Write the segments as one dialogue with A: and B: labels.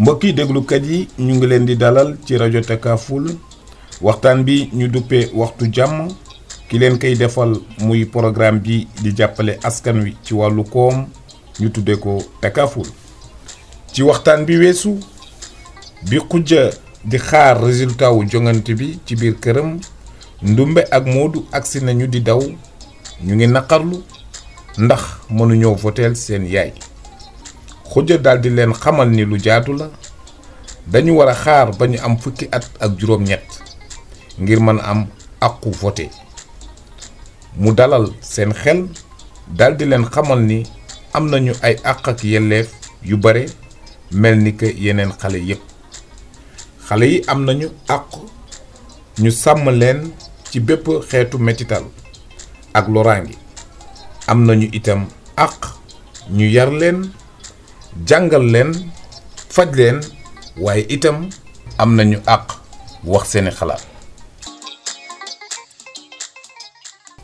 A: mbokki déglukat yi ñu ngi leen di dalal ci rajo Takaful waxtaan bi ñu duppee waxtu jàmm ki leen koy defal muy programme bi di jàppale askan wi ci wàllu koom ñu tuddee ko Takaful ci waxtaan bi weesu bi xujja di xaar résultat wu jongante bi ci biir këram ndumbe ak moodu agsi nañu di daw ñu ngi naqarlu ndax mënuñoo voteel seen yaay xujja daal di leen xamal ni lu jaatu la dañu war a xaar ba ñu am fukki at ak juróom-ñett ngir mën am àqu vote mu dalal seen xel daldi leen xamal ni am nañu ay àq ak yelleef yu bare mel ni que yeneen xale yépp xale yi am nañu àq ñu sàmm leen ci bépp xeetu metital ak loraangi am nañu itam àq ñu yar leen jàngal leen faj leen waaye itam am nañu àq wax seeni xalaat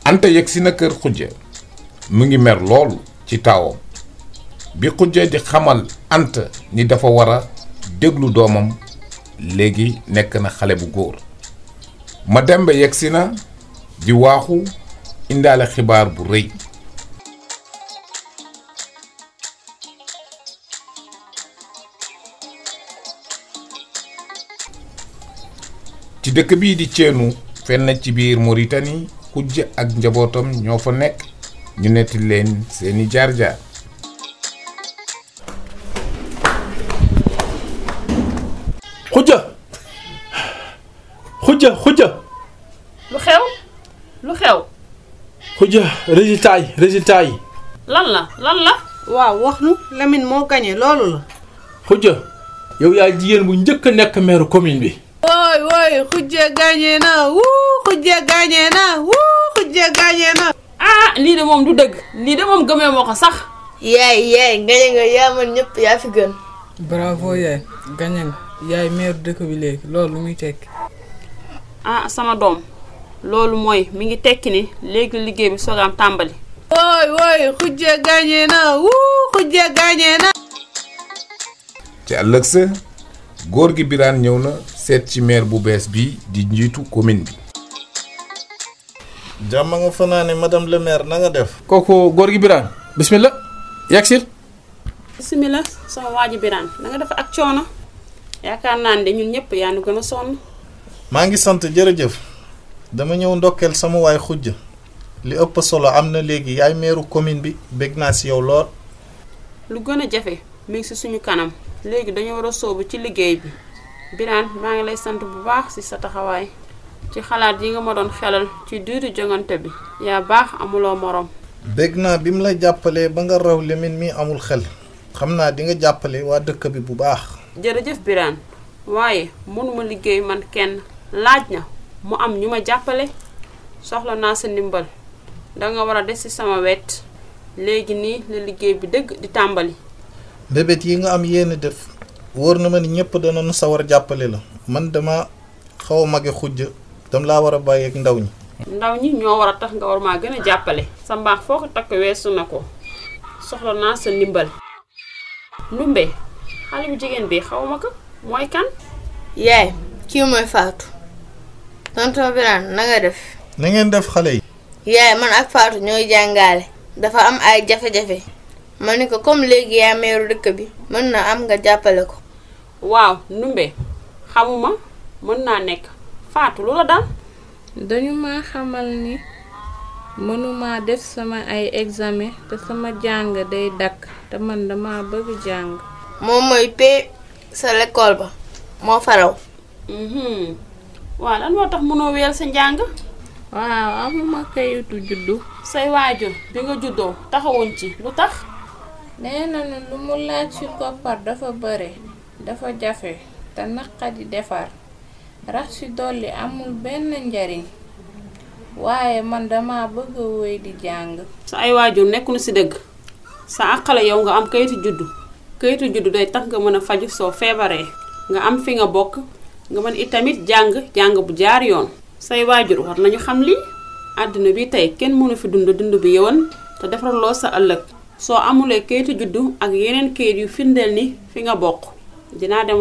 A: anta yegg si na kër xujja mu ngi mer lool ci taawam bi xujja di xamal anta ni dafa war a déglu doomam léegi nekk na xale bu góor ma demba yegg si na di waaxu indaale xibaar bu rëy ci dëkk bii di Ceenu fenn ci biir Mauritanie xujj ak njabootam ñoo fa nekk ñu netti leen seeni jaar-jaar. xujja xujja xujja.
B: lu xew lu xew.
A: xujja résultat yi
B: lan la lan la. waaw wax nu Lamine moo gañe loolu la.
A: xujja yow yaa jigéen bu njëkk nekk maire commune bi.
B: woy woy xujje gagné na wuu xujje gagné na wuu xujje gagné na. ah lii de moom du dëgg lii de moom gëmee moo ko sax. yaay yaay gagné nga yaa fi gën. bravo yaay gagné dëkk bi léegi loolu muy tekki. ah sama doom loolu mooy mi ngi tekki ni léegi liggéey bi soogaam tàmbali. woy woy xujje gagné na wuu xujje gagné na.
A: ci ëllëg góor gi Birane ñëw na seet ci maire bu bees bii di njiitu commune bi. jàmm nga fanaane madame le maire nanga def. kooku góor gi Birane bismillah yagsil.
B: bismillah sama waa ji Birane def ak coono yaakaar naa ne ñun ñëpp yaa nu gën a sonn.
A: maa ngi sant jërëjëf dama ñëw ndokkeel sama waay xujj li ëpp solo am na léegi yaay meeru commune bi bég naa si yow lool.
B: lu gën a jafe mi si suñu kanam. léegi dañu war a soobu ci liggéey bi Birane maa ngi lay sant bu baax ci sa taxawaay ci xalaat yi nga ma doon xelal ci diiru jongante bi yaa baax amuloo moroom
A: bégg naa bi mu la jàppalee ba nga raw Lamine mi amul xel xam naa dinga jàppale waa dëkk bi bu baax
B: jërëjëf Birane waaye mënuma liggéey man kenn laaj na mu am ñu ma jàppale soxla naa sa ndimbal danga war a des ci sama wet léegi nii la liggéey bi dëgg di tàmbali
A: mbébét yi nga am yéene def wóor na ma ni ñëpp danoon sawar jàppale la man dama xaw a mage xujj dam laa war a bàyyi ak ndaw ñi.
B: ndaw ñi ñoo war a tax nga war maa gën a jàppale. sa mbaax foo ko takk weesu na ko soxla naa sa ndimbal. Ndumbe xale bu jigéen bi xaw ma ko mooy kan. yaay kii mooy Fatou. tonton Birane na def.
A: nangeen def xale yi.
B: yaay man ak Fatou ñooy jàngale. dafa am ay jafe-jafe. ma ni ko comme léegi yaa meeru dëkk bi mën na am nga jàppale ko. waaw Ndumbe xamuma mën naa nekk faatu lu la dal. dañu ma xamal ni mënuma def sama ay examen te sama jàng day dakk te man dama bëgg jàng. moom mooy pee sa lekkool ba moo faraw. Mhm. waaw lan moo tax mënoo wéyal sa njàng. waaw amuma kayitu juddu. say waajur bi juddoo taxawuñ ci lu tax. nee nañu lu mu laaj ci koppar dafa bare dafa jafe te naqadi defar rax ci dolli amul benn njariñ waaye man dama bëgg a di jàng sa ay waajur nekkuñu ci dëgg sa àqale yow nga am kayitu juddu kayitu juddu day tax nga mën a faju soo feebaree nga am fi nga bokk nga mën itamit jàng jàng bu jaar yoon say waajur war nañu xam li àdduna bi tey kenn mënu fi dund dund bi yowan te defaraloo sa ëllëg soo amulee kayitu juddu ak yeneen kayit yu findeel ni fi nga bokk dinaa dem